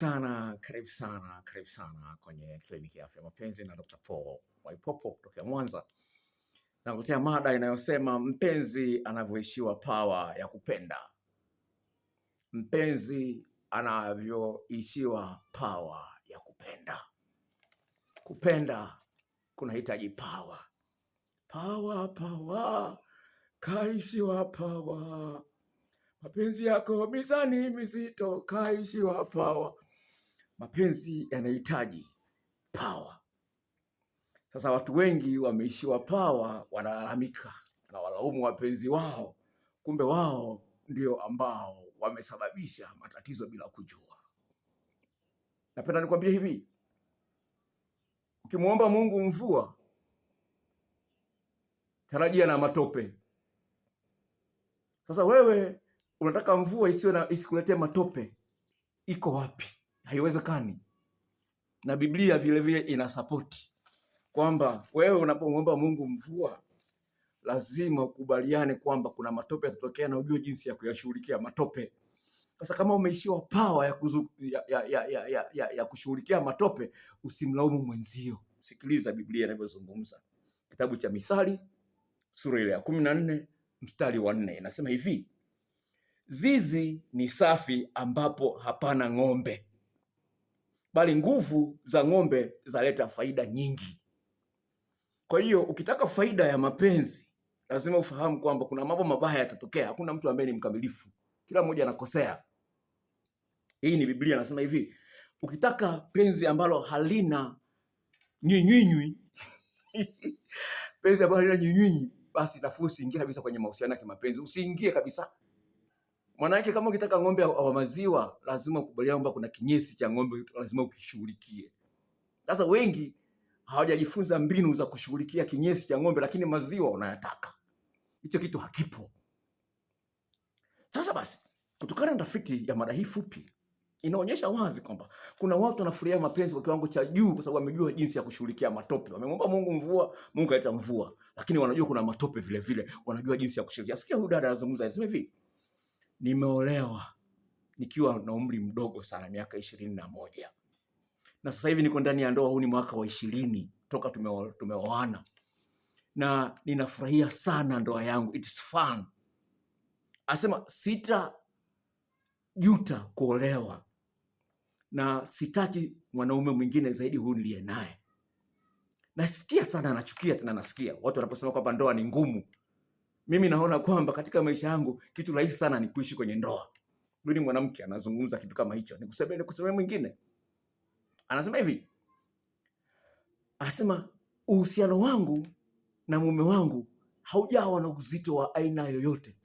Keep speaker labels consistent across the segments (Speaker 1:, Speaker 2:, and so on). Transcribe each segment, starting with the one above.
Speaker 1: Sana karibu sana karibu sana kwenye kliniki ya afya mapenzi na Dr. Paul Waipopo kutoka Mwanza. Nakuletea mada inayosema mpenzi anavyoishiwa pawa ya kupenda, mpenzi anavyoishiwa pawa ya kupenda. Kupenda kunahitaji pawa, pawa pawa, kaishiwa pawa, mapenzi yako mizani mizito, kaishiwa pawa mapenzi yanahitaji pawa. Sasa watu wengi wameishiwa pawa, wanalalamika na walaumu wapenzi wao, kumbe wao ndio ambao wamesababisha matatizo bila kujua. Napenda nikwambie hivi, ukimwomba Mungu mvua, tarajia na matope. Sasa wewe unataka mvua isiwe na isikuletee matope, iko wapi? Haiwezekani. Na Biblia vilevile inasapoti kwamba wewe unapomwomba Mungu mvua, lazima ukubaliane kwamba kuna matope yatatokea na ujue jinsi ya kuyashughulikia matope. Sasa kama umeishiwa pawa ya, ya, ya, ya, ya, ya, ya kushughulikia matope, usimlaumu mwenzio. Sikiliza Biblia inavyozungumza, kitabu cha Mithali sura ile ya kumi na nne mstari wa nne inasema hivi: zizi ni safi ambapo hapana ng'ombe, bali nguvu za ng'ombe zaleta faida nyingi. Kwa hiyo ukitaka faida ya mapenzi, lazima ufahamu kwamba kuna mambo mabaya yatatokea. Hakuna mtu ambaye ni mkamilifu, kila mmoja anakosea. Hii ni Biblia nasema hivi, ukitaka penzi ambalo halina nywinywinywi penzi ambalo halina nywinywinywi, basi nafuu usiingie kabisa kwenye mahusiano ya kimapenzi, usiingie kabisa. Mwanake kama ukitaka ng'ombe wa maziwa lazima ukubaliane kwamba kuna kinyesi cha ng'ombe lazima ukishughulikie. Sasa wengi hawajajifunza mbinu za kushughulikia kinyesi cha ng'ombe, lakini maziwa unayataka. Hicho kitu hakipo. Sasa basi, kutokana na tafiti ya mada hii fupi inaonyesha wazi kwamba kuna watu wanafurahia mapenzi kwa kiwango cha juu, kwa sababu wamejua jinsi ya kushughulikia matope. Wamemwomba Mungu mvua, Mungu aleta mvua, lakini wanajua kuna matope vile vile, wanajua jinsi ya kushughulikia. Sikia huyu dada anazungumza, anasema hivi nimeolewa nikiwa na umri mdogo sana, miaka ishirini na moja, na sasa hivi niko ndani ya ndoa. Huu ni mwaka wa ishirini toka tumeoana, na ninafurahia sana ndoa yangu, it's fun. Asema sita juta kuolewa na sitaki mwanaume mwingine zaidi huyu niliye naye. Nasikia sana, nachukia tena, nasikia watu wanaposema kwamba ndoa ni ngumu mimi naona kwamba katika maisha yangu kitu rahisi sana ni kuishi kwenye ndoa. ni mwanamke anazungumza kitu kama hicho, nikusemee nikuseme mwingine anasema hivi, anasema uhusiano wangu na mume wangu haujawa na uzito wa aina yoyote,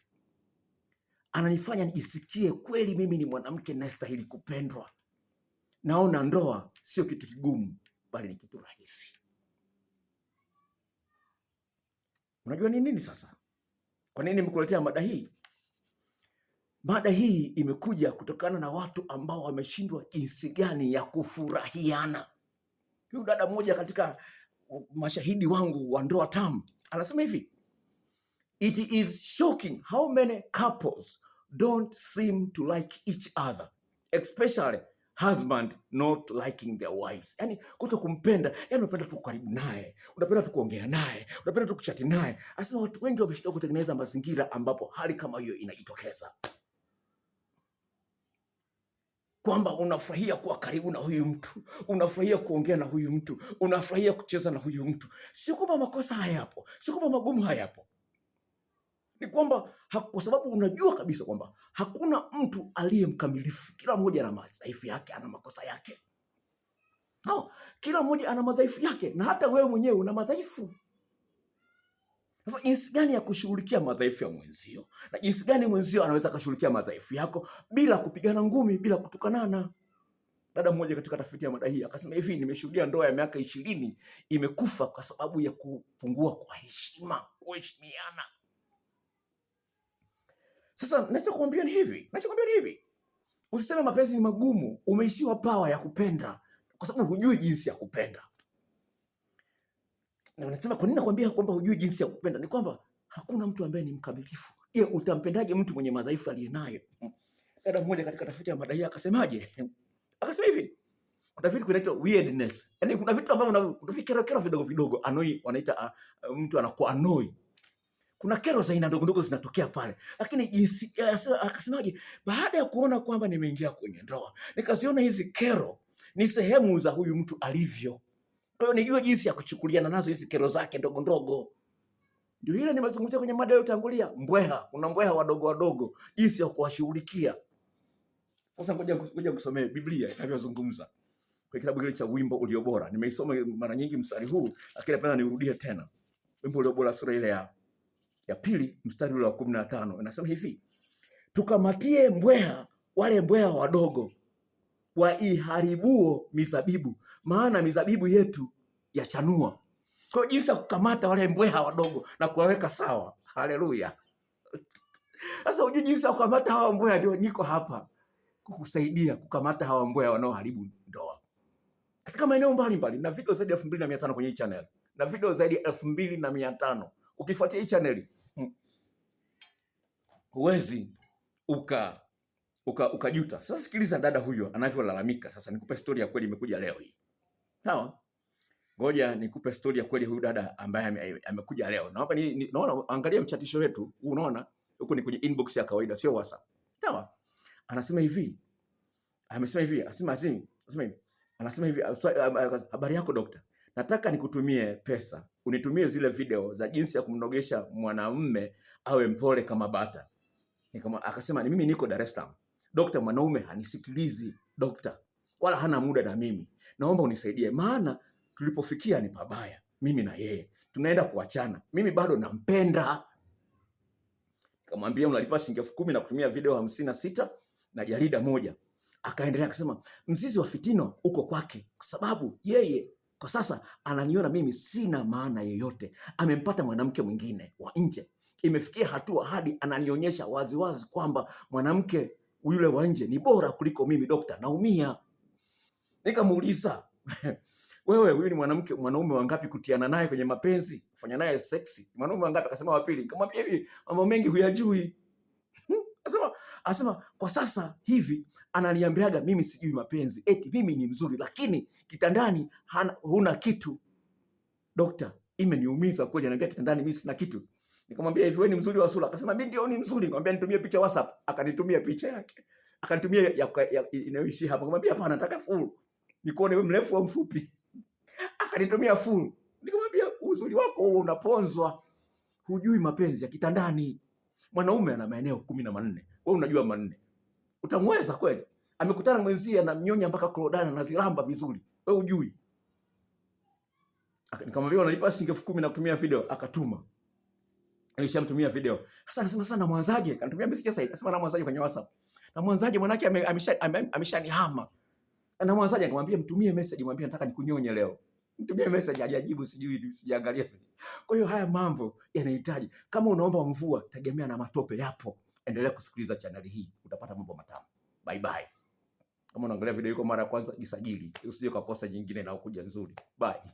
Speaker 1: ananifanya nijisikie kweli mimi ni mwanamke nastahili kupendwa. Naona ndoa sio kitu kigumu, bali ni kitu rahisi. Unajua ni nini sasa? Kwa nini nimekuletea mada hii? Mada hii imekuja kutokana na watu ambao wameshindwa jinsi gani ya kufurahiana. Huyu dada mmoja katika mashahidi wangu wa ndoa tamu anasema hivi,
Speaker 2: it is shocking how many couples don't seem to like each other especially husband not liking their wives, yani kuto kumpenda, yani unapenda tu karibu naye, unapenda tu kuongea naye, unapenda tu kuchati naye. Asema watu wengi wameshinda kutengeneza mazingira ambapo hali kama hiyo inajitokeza, kwamba unafurahia kuwa karibu na huyu mtu, unafurahia kuongea na huyu mtu, unafurahia kucheza na huyu mtu. Sio kwamba makosa hayapo, sio kwamba magumu hayapo, ni kwamba kwa sababu unajua kabisa kwamba hakuna mtu aliye mkamilifu. Kila mmoja ana madhaifu yake, ana makosa yake. No, kila mmoja ana madhaifu yake, na hata wewe mwenyewe una madhaifu. Sasa jinsi gani ya kushughulikia madhaifu ya mwenzio na jinsi gani mwenzio anaweza kushughulikia madhaifu yako bila kupigana ngumi, bila kutukanana. Dada mmoja katika tafiti ya mada hii akasema hivi, nimeshuhudia ndoa ya miaka ishirini imekufa kwa sababu ya kupungua kwa heshima, kuheshimiana sasa nachokuambia ni hivi, nachokuambia ni hivi, usiseme mapenzi ni magumu. Umeishiwa pawa ya kupenda kwa sababu hujui jinsi ya kupenda. Na unasema kwa nini nakwambia kwamba hujui jinsi ya kupenda? Ni kwamba hakuna mtu ambaye ni mkamilifu. Je, utampendaje mtu mwenye madhaifu aliyenayo? Dada mmoja katika tafiti ya madai akasemaje? Akasema hivi, kuna vitu vinaitwa weirdness. yani kuna vitu ambavyo unafikira kero vidogo vidogo, anoi wanaita uh, mtu anakuwa anoi kuna kero za aina ndogo ndogo zinatokea pale, lakini jinsi eh, akasemaje, baada ya kuona kwamba nimeingia kwenye ndoa nikaziona hizi kero ni sehemu za huyu mtu alivyo, kwa hiyo nijue jinsi ya kuchukuliana nazo hizi kero zake ndogo ndogo. Ndio ile nimezungumzia kwenye mada iliyotangulia, mbweha. Kuna mbweha wadogo wadogo, jinsi ya kuwashughulikia. Sasa ngoja ngoja kusomea Biblia inavyozungumza kwa kitabu kile cha Wimbo Ulio Bora. Nimeisoma mara nyingi mstari huu, lakini napenda nirudie tena. Wimbo Ulio Bora sura ile ya ya pili mstari ule wa kumi na tano inasema hivi, tukamatie mbweha wale mbweha wadogo waiharibuo mizabibu, maana mizabibu yetu yachanua. Kwa hiyo jinsi ya kukamata wale mbweha wadogo na kuwaweka sawa. Haleluya! Sasa ujui jinsi ya kukamata hawa mbweha, ndio niko hapa kukusaidia kukamata hawa mbweha wanaoharibu ndoa katika maeneo mbalimbali, na video zaidi ya elfu mbili na mia tano kwenye hii channel, na video zaidi ya elfu mbili na mia tano ukifuatia hii channel huwezi uka ukajuta uka. Sasa sikiliza dada huyo anavyolalamika. Sasa nikupe stori ya kweli, imekuja leo hii sawa. Ngoja nikupe stori ya kweli huyu dada ambaye amekuja leo. Naomba ni, ni naona, angalia mchatisho wetu, unaona huko ni kwenye inbox ya kawaida, sio WhatsApp sawa. Anasema hivi, amesema hivi, asema asema hivi, anasema hivi, habari yako dokta, nataka nikutumie pesa unitumie zile video za jinsi ya kumnogesha mwanamume awe mpole kama bata Nikama, akasema ni mimi niko Dar es Salaam. Dokta mwanaume hanisikilizi dokta, wala hana muda na mimi, naomba unisaidie, maana tulipofikia ni pabaya. Mimi na yeye tunaenda kuachana, mimi bado nampenda. Nikamwambia unalipa shilingi elfu kumi na kutumia video hamsini na sita na jarida moja. Akaendelea akasema mzizi wa fitino uko kwake, kwa sababu yeye kwa sasa ananiona mimi sina maana yoyote, amempata mwanamke mwingine wa nje imefikia hatua hadi ananionyesha waziwazi kwamba mwanamke yule wa nje ni bora kuliko mimi. Dokta, naumia. Nikamuuliza, wewe huyu ni mwanamke mwanaume wangapi kutiana naye kwenye mapenzi, kufanya naye seksi? Mwanaume wangapi? Akasema wa pili. Nikamwambia hivi, mambo mengi huyajui. Hmm? Asema, asema kwa sasa hivi ananiambiaga mimi sijui mapenzi, eti mimi ni mzuri, lakini kitandani hana, huna kitu. Dokta, imeniumiza kweli, anaambia kitandani mimi sina kitu. Nikamwambia hivi, wewe ni mzuri wa sura? Akasema mimi ndio ni mzuri. Nikamwambia nitumie picha WhatsApp, akanitumia picha yake, akanitumia ya, inayoishi hapa. Nikamwambia hapana, nataka full, nikuone wewe mrefu au mfupi. Akanitumia full. Nikamwambia uzuri wako huo unaponzwa, hujui mapenzi ya kitandani. Mwanaume ana maeneo kumi na manne, wewe unajua manne, utamweza kweli? Amekutana mwenzia na mnyonya mpaka korodani anazilamba vizuri, wewe hujui. Nikamwambia unalipa shilingi elfu kumi na kutumia video, akatuma Nishamtumia video. Sasa anasema sasa namwanzaje? Kanitumia message sasa hivi. Anasema namwanzaje kwenye WhatsApp. Namwanzaje mwanake amesha ameshanihama. Namwanzaje? Akamwambia mtumie message, mwambie nataka nikunyonye leo. Mtumie message hajajibu, sijui sijaangalia. Kwa hiyo haya mambo yanahitaji. Kama unaomba mvua, tegemea na matope yapo. Endelea kusikiliza chaneli hii, utapata mambo matamu. Bye bye. Kama unaangalia video hii mara ya kwanza, jisajili. Usije ukakosa nyingine na ukuja nzuri. Bye.